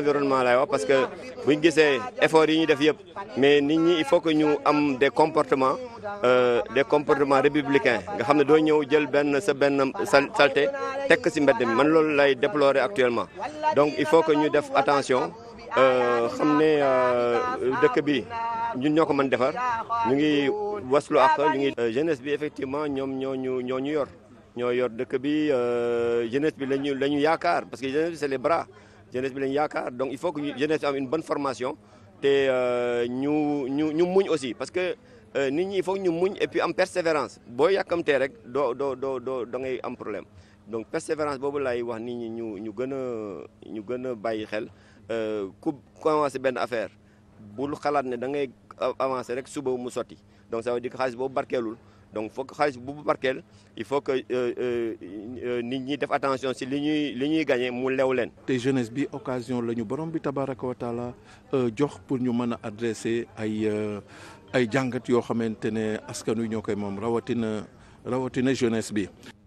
environnement laay wax parce que bu ñu gisee effort yi ñu def yëpp mais nit ñi il faut que ñu am des comportements euh, des comportements républicain nga xam ne doo ñëw jël benn sa benn salté tekk si mbedd mi man loolu lay déplorer actuellement donc il faut que ñu def attention euh, xam ne euh, dëkk bi ñun ñoo ko mën defar ñu ngi waslu ak ñu ngi jeunesse bi effectivement ñoom ñoo ñu ñoo ñu yor ñoo yor dëkk bi jeunesse bi lañu la ñu yaakaar parce que jeunesse bi c'est les bras jeunesse bi lañ yaakaar donc il faut que jeunesse am une bonne formation te euh, ñu ñu ñu muñ aussi parce que euh, nit ñi il faut ñu muñ et puis am persévérance boo yàkkamtee rek doo doo doo doo da ngay am problème donc persévérance boobu laay wax nit ñi ñu ñu gën a ñu gën a bàyyi xel euh, ku commencé benn affaire bul xalaat ne da ngay avancer rek suba mu sotti donc ça veut dire que xaalis boobu barkeelul donc foog xaalis bu bu barkeel il faut que euh, euh, euh, nit ñi def attention si li ñuy li ñuy gagné mu lew leen. te jeunesse bi occasion la ñu borom bi tabaraka wa taala jox pour ñu mën a adressé ay ay jàngat yoo xamante ne askan wi ñoo koy moom rawatina rawatina jeunesse bi.